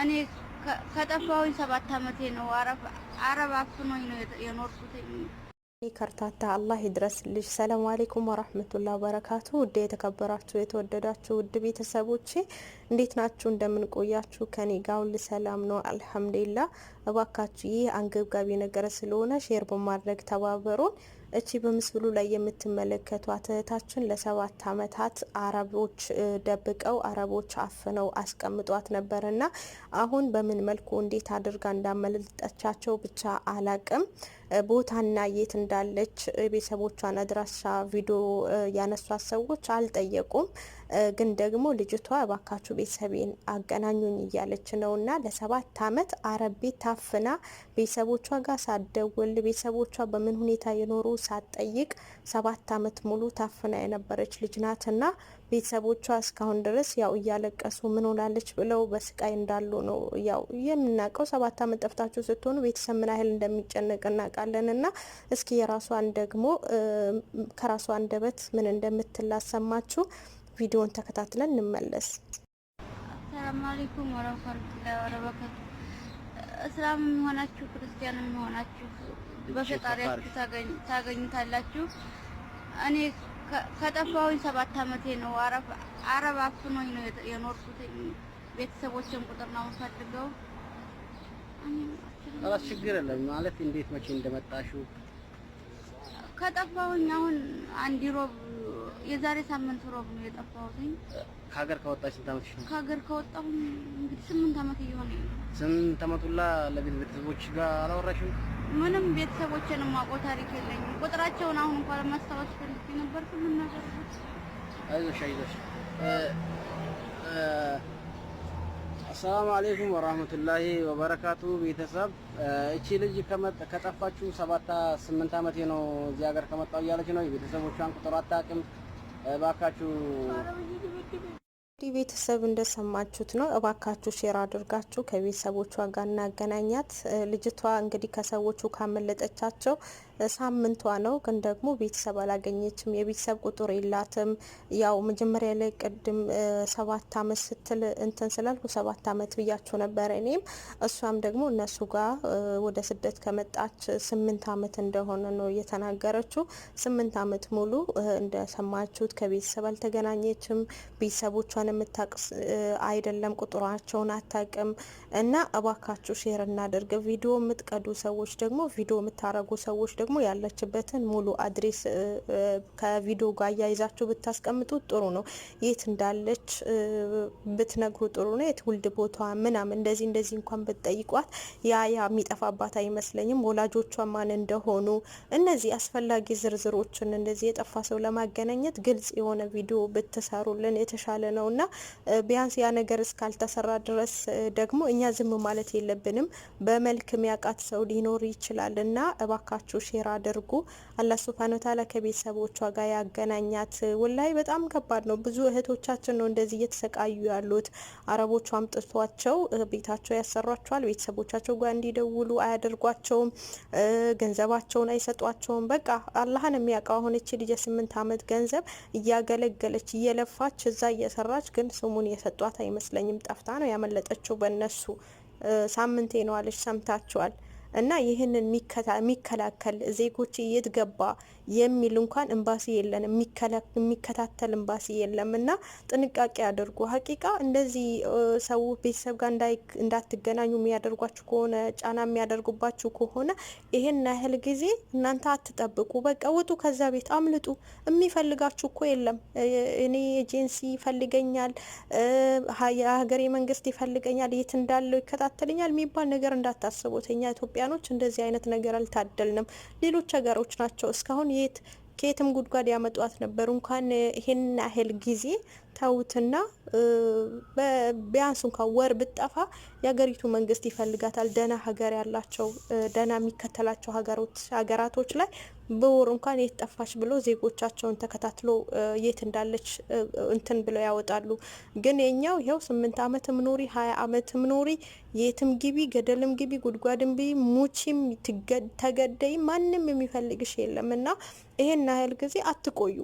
እኔ ከጠፋሁኝ ሰባት አመቴ ነው። አረብ አፍኖኝ ነው የኖርኩት። ከርታታ አላህ ይድረስልሽ። ሰላሙ አሌይኩም ወራህመቱላ ወበረካቱ። ውድ የተከበራችሁ የተወደዳችሁ ውድ ቤተሰቦቼ እንዴት ናችሁ? እንደምን ቆያችሁ? ከኔ ጋውል ሰላም ነው አልሐምዱሊላ። እባካችሁ ይህ አንገብጋቢ ነገር ስለሆነ ሼር በማድረግ ተባበሩን። እቺ በምስሉ ላይ የምትመለከቷት እህታችን ለሰባት አመታት አረቦች ደብቀው አረቦች አፍነው አስቀምጧት ነበርና አሁን በምን መልኩ እንዴት አድርጋ እንዳመለጠቻቸው ብቻ አላቅም። ቦታና የት እንዳለች ቤተሰቦቿን አድራሻ ቪዲዮ ያነሷት ሰዎች አልጠየቁም። ግን ደግሞ ልጅቷ እባካችሁ ቤተሰቤን አገናኙኝ እያለች ነው እና ለሰባት ዓመት አረብ ቤት ታፍና ቤተሰቦቿ ጋር ሳደውል ቤተሰቦቿ በምን ሁኔታ የኖሩ ሳትጠይቅ ሰባት ዓመት ሙሉ ታፍና የነበረች ልጅ ናትና ቤተሰቦቿ እስካሁን ድረስ ያው እያለቀሱ ምን ሆናለች ብለው በስቃይ እንዳሉ ነው ያው የምናውቀው። ሰባት ዓመት ጠፍታችሁ ስትሆኑ ቤተሰብ ምን ያህል እንደሚጨነቅ እናውቃለን። እና እስኪ የራሷን ደግሞ ከራሷ አንደበት ምን እንደምትላሰማችሁ ቪዲዮን ተከታትለን እንመለስ። ሰላም አለይኩም ወራህመቱላሂ ወበረካቱ። እስላም የሆናችሁ ክርስቲያንም የሆናችሁ በፈጣሪያችሁ ታገኙታላችሁ። እኔ ከጠፋሁኝ ሰባት አመቴ ነው። አረብ አፍኖኝ ነው የኖርኩት። ቤተሰቦችን ቁጥር ነው የምፈልገው። ራስ ችግር የለም ማለት እንዴት መቼ እንደመጣሽው ከጠፋሁኝ አሁን አንድ ሮብ የዛሬ ሳምንት ሮብ ነው የጠፋሁትኝ። ከሀገር ከወጣሽ ስንት ነው? ከሀገር ከወጣሁ እንግዲህ ስምንት አመት እየሆነ ስምንት አመቱላ ለቤተሰቦች ጋር አላወራሽም? ምንም ቤተሰቦችን ማቆ ታሪክ የለኝም። ቁጥራቸውን አሁን እንኳን ለማስታወስ ፈልጌ ነበር። ምን ነገር አይዞሽ አይዞሽ። አሰላሙ አለይኩም ወራህመቱላሂ ወበረካቱ። ቤተሰብ እቺ ልጅ ከጠፋችሁ ሰባት ስምንት ዓመቴ ነው እዚህ ሀገር ከመጣሁ እያለች ነው። የቤተሰቦቿን ቁጥር አታውቅም። እባካችሁ እንግዲህ ቤተሰብ እንደሰማችሁት ነው። እባካችሁ ሼር አድርጋችሁ ከቤተሰቦቿ ጋር እናገናኛት። ልጅቷ እንግዲህ ከሰዎቹ ካመለጠቻቸው ሳምንቷ ነው፣ ግን ደግሞ ቤተሰብ አላገኘችም። የቤተሰብ ቁጥር የላትም። ያው መጀመሪያ ላይ ቅድም ሰባት አመት ስትል እንትን ስላልኩ ሰባት አመት ብያችሁ ነበረ እኔም እሷም ደግሞ እነሱ ጋር ወደ ስደት ከመጣች ስምንት አመት እንደሆነ ነው የተናገረችው። ስምንት አመት ሙሉ እንደሰማችሁት ከቤተሰብ አልተገናኘችም። ቤተሰቦቿን ስለምታቅፍ አይደለም ቁጥሯቸውን አታቅም። እና እባካችሁ ሼር እናድርግ። ቪዲዮ የምትቀዱ ሰዎች ደግሞ ቪዲዮ የምታረጉ ሰዎች ደግሞ ያለችበትን ሙሉ አድሬስ ከቪዲዮ ጋር አያይዛችሁ ብታስቀምጡ ጥሩ ነው። የት እንዳለች ብትነግሩ ጥሩ ነው። የትውልድ ቦታ ምናምን እንደዚህ እንደዚህ እንኳን ብትጠይቋት ያ ያ የሚጠፋባት አይመስለኝም። ወላጆቿ ማን እንደሆኑ እነዚህ አስፈላጊ ዝርዝሮችን እንደዚህ የጠፋ ሰው ለማገናኘት ግልጽ የሆነ ቪዲዮ ብትሰሩልን የተሻለ ነውና እና ቢያንስ ያ ነገር እስካልተሰራ ድረስ ደግሞ እኛ ዝም ማለት የለብንም። በመልክ የሚያውቃት ሰው ሊኖር ይችላል እና እባካችሁ ሼር አድርጉ። አላህ ሱብሃነ ወተዓላ ከቤተሰቦቿ ጋር ያገናኛት። ወላሂ በጣም ከባድ ነው። ብዙ እህቶቻችን ነው እንደዚህ እየተሰቃዩ ያሉት። አረቦቹ አምጥቷቸው ቤታቸው ያሰሯቸዋል። ቤተሰቦቻቸው ጋር እንዲደውሉ አያደርጓቸውም። ገንዘባቸውን አይሰጧቸውም። በቃ አላህን የሚያውቀው አሁን እቺ ልጅ የስምንት አመት ገንዘብ እያገለገለች እየለፋች እዛ እየሰራች ግን ስሙን የሰጧት አይመስለኝም። ጠፍታ ነው ያመለጠችው በእነሱ ሳምንቴ ነው አለች። ሰምታችኋል። እና ይህንን የሚከላከል ዜጎች የት ገባ የሚል እንኳን ኤምባሲ የለን፣ የሚከታተል ኤምባሲ የለም። እና ጥንቃቄ አድርጉ። ሀቂቃ እንደዚህ ሰው ቤተሰብ ጋር እንዳትገናኙ የሚያደርጓችሁ ከሆነ ጫና የሚያደርጉባችሁ ከሆነ ይህን ያህል ጊዜ እናንተ አትጠብቁ። በቃ ውጡ፣ ከዛ ቤት አምልጡ። የሚፈልጋችሁ እኮ የለም። እኔ ኤጀንሲ ይፈልገኛል፣ የሀገሬ መንግስት ይፈልገኛል፣ የት እንዳለው ይከታተልኛል የሚባል ነገር እንዳታስቡት። እኛ ኢትዮጵያ ኢትዮጵያኖች እንደዚህ አይነት ነገር አልታደልንም። ሌሎች ሀገሮች ናቸው እስካሁን የት ከየትም ጉድጓድ ያመጧት ነበሩ። እንኳን ይሄን ያህል ጊዜ ተውትና ቢያንስ እንኳን ወር ብጠፋ የሀገሪቱ መንግስት ይፈልጋታል። ደህና ሀገር ያላቸው ደህና የሚከተላቸው ሀገራቶች ላይ በወር እንኳን የት ጠፋች ብሎ ዜጎቻቸውን ተከታትሎ የት እንዳለች እንትን ብለው ያወጣሉ። ግን የኛው ይኸው ስምንት ዓመትም ኖሪ ሀያ ዓመትም ኖሪ የትም ግቢ፣ ገደልም ግቢ፣ ጉድጓድም ግቢ፣ ሙቺም ተገደይ ማንም የሚፈልግሽ የለም እና ይሄን ያህል ጊዜ አትቆዩ።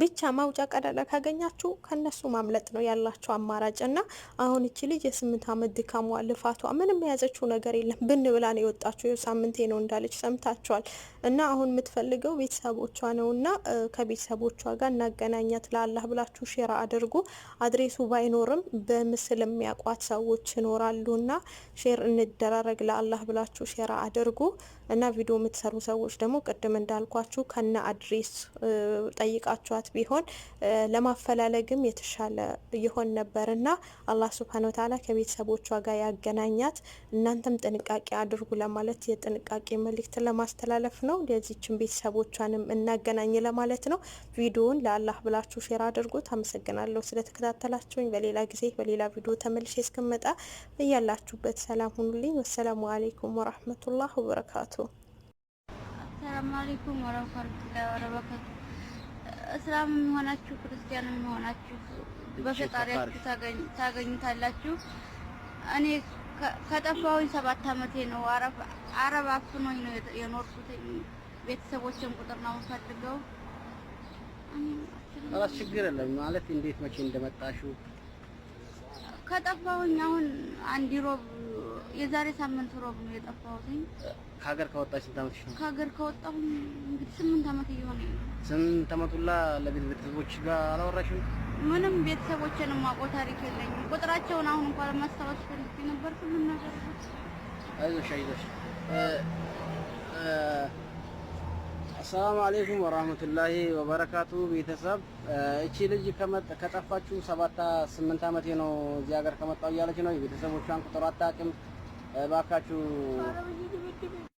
ብቻ ማውጫ ቀዳዳ ካገኛችሁ ከነሱ ማምለጥ ነው ያላቸው አማራጭ። እና አሁን እቺ ልጅ የስምንት አመት ድካሟ፣ ልፋቷ ምንም የያዘችው ነገር የለም። ብን ብላ ነው የወጣችው። ሳምንቴ ነው እንዳለች ሰምታችኋል። እና አሁን የምትፈልገው ቤተሰቦቿ ነው። እና ከቤተሰቦቿ ጋር እናገናኛት ላላህ ብላችሁ ሼራ አድርጉ። አድሬሱ ባይኖርም በምስል የሚያውቋት ሰዎች ይኖራሉ። እና ሼር እንደራረግ ላላህ ብላችሁ ሼራ አድርጉ። እና ቪዲዮ የምትሰሩ ሰዎች ደግሞ ቅድም እንዳልኳችሁ ከነ አድሬስ ጠይቃችኋት ቢሆን ለማፈላለግም የተሻለ ይሆን ነበር እና አላህ ስብሃነ ወተዓላ ከቤተሰቦቿ ጋር ያገናኛት። እናንተም ጥንቃቄ አድርጉ ለማለት የጥንቃቄ መልእክት ለማስተላለፍ ነው። ለዚችን ቤተሰቦቿንም እናገናኝ ለማለት ነው። ቪዲዮውን ለአላህ ብላችሁ ሼር አድርጉት። አመሰግናለሁ ስለተከታተላችሁኝ። በሌላ ጊዜ በሌላ ቪዲዮ ተመልሼ እስክመጣ እያላችሁበት ሰላም ሁኑልኝ። ወሰላሙ አሌይኩም ወራህመቱላህ ወበረካቱ ሰላም አለይኩም ወራህመቱላሂ ወበረካቱ። እስላም የሆናችሁ ክርስቲያንም የሆናችሁ በፈጣሪያችሁ ታገኙታላችሁ። እኔ ከጠፋሁኝ ሰባት አመቴ ነው። አረብ አፍኖኝ ነው የኖርኩት። ቤተሰቦችን ቁጥር ነው የምፈልገው። እራስ ችግር የለም ማለት እንዴት መቼ እንደመጣሹ ከጠፋሁኝ አሁን አንድ ሮብ የዛሬ ሳምንት ሮብ ነው የጠፋሁትኝ። ከሀገር ከወጣች ስንት አመት ነው? ከሀገር ከወጣሁ እንግዲህ ስምንት አመት እየሆነ ነው። ስምንት አመት ሁላ ለቤት ቤተሰቦች ጋር አላወራሽም? ምንም ቤተሰቦችን የማውቀው ታሪክ የለኝም። ቁጥራቸውን አሁን እንኳን ለማስታወስ ፈልጌ ነበር። ሁሉም ነገር አይዞሽ አይዞሽ። አሰላሙ አሌይኩም ወራህመቱላሂ ወበረካቱ። ቤተሰብ እቺ ልጅ ከጠፋችሁ ሰባት ስምንት አመቴ ነው እዚህ ሀገር ከመጣሁ እያለች ነው። የቤተሰቦቿን ቁጥር አታውቅም። እባካችሁ